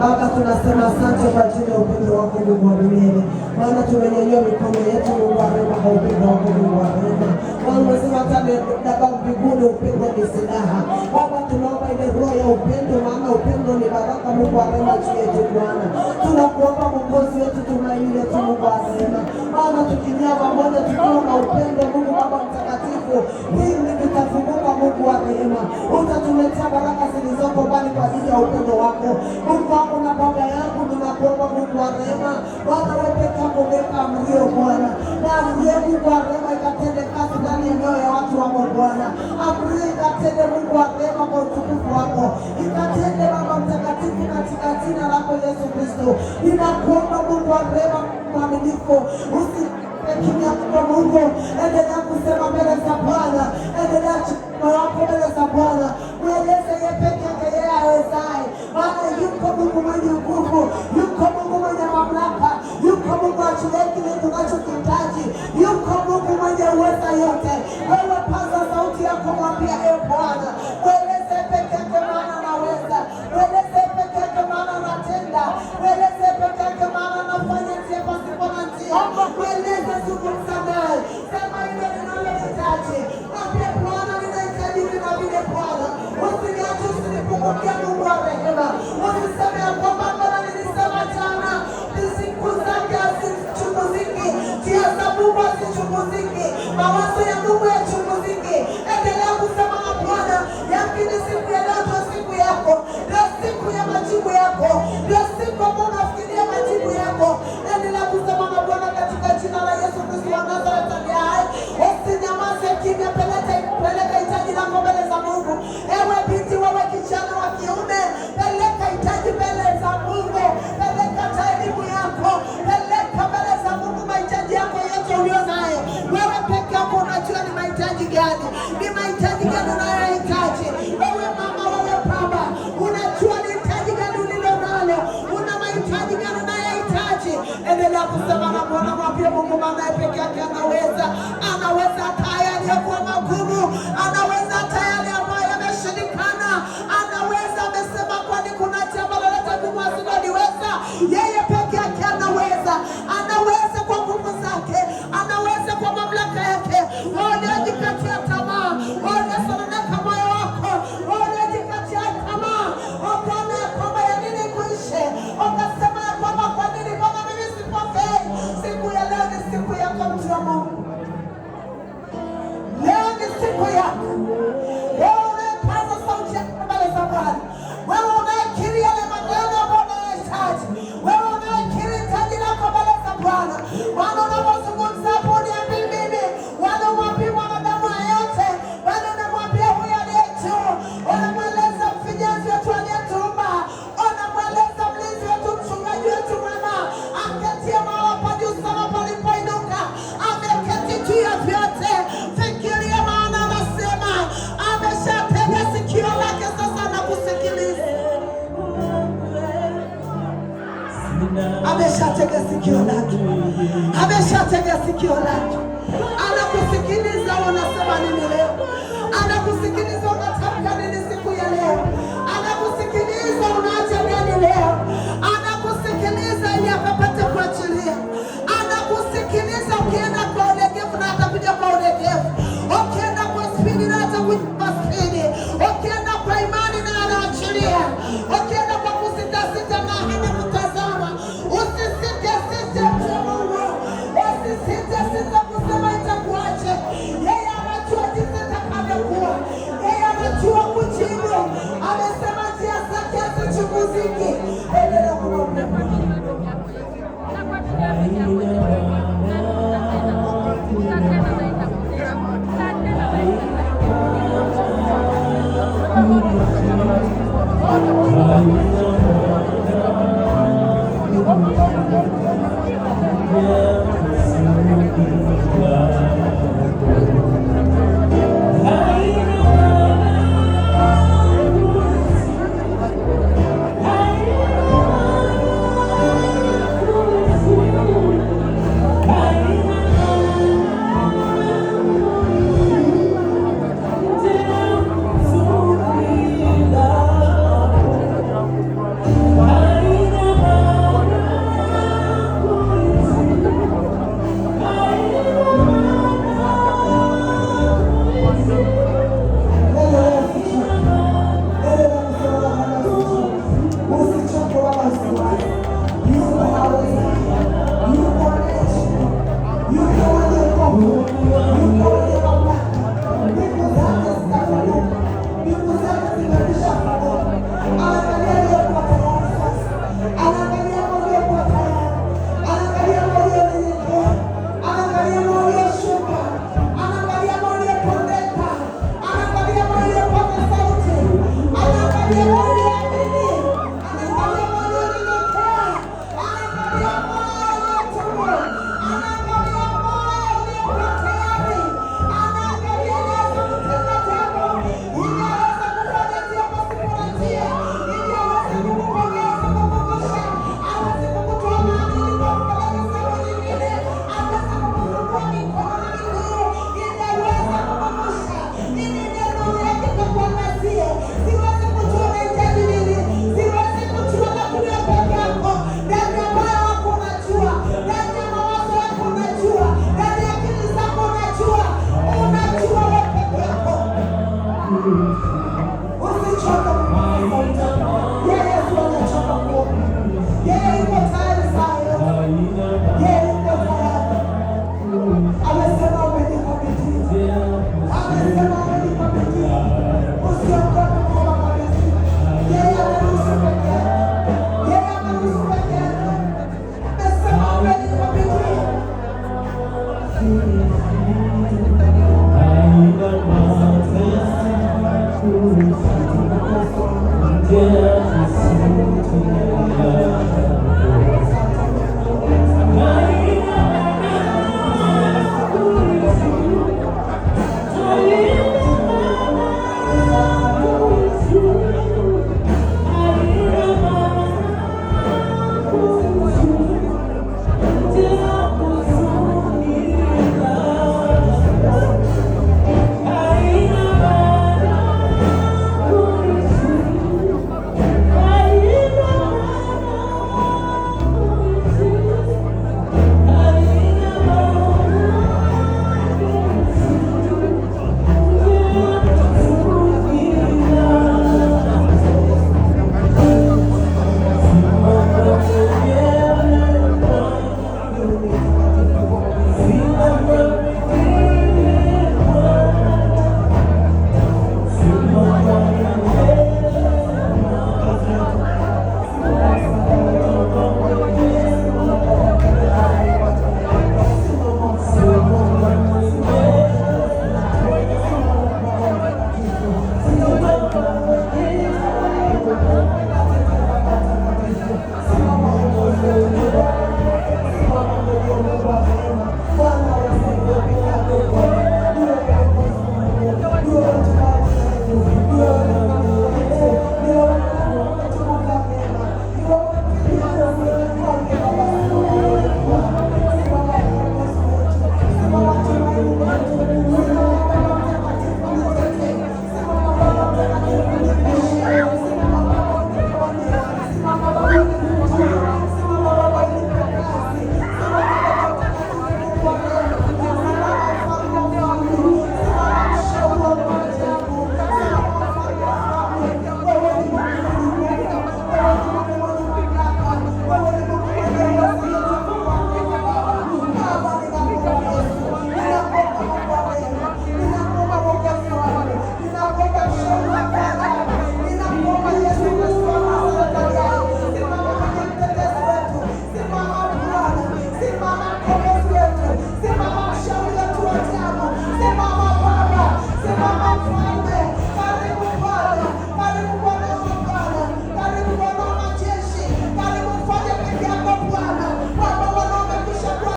Baba, tunasema asante kwa ajili ya upendo wako Mungu wa milele, maana tumenyanyua mikono yetu Mungu wa rehema kwa upendo wako Mungu wa rehema. Maana umesema hata mbinguni upendo ni silaha. Baba, tunaomba ile roho ya upendo, maana upendo ni baraka Mungu wa rehema juu yetu Bwana. Tunakuomba Mwokozi wetu, tumaini letu Mungu wa rehema, maana tukinyama moja tukiwa na upendo Mungu Baba mtakatifu, hii ni rehema, utatuletea baraka zilizoko mbali kwa ajili ya upendo wako. Mungu wangu na baba yangu, ninakuomba Mungu wa rehema, Bwana wewe peke yako umeweka amrio Bwana, na amri Mungu wa rehema ikatende kazi ndani ya mioyo ya watu wako Bwana, amrio ikatende Mungu wa rehema kwa utukufu wako, ikatende Baba Mtakatifu, katika jina lako Yesu Kristo ninakuomba Mungu wa rehema, mwaminifu, usipekimia kutoka Mungu, endelea kusema 와 어, ambaye peke yake anaweza, anaweza sikio lake, ameshatega sikio lake, anakusikiliza. Wanasema nini leo? Amém.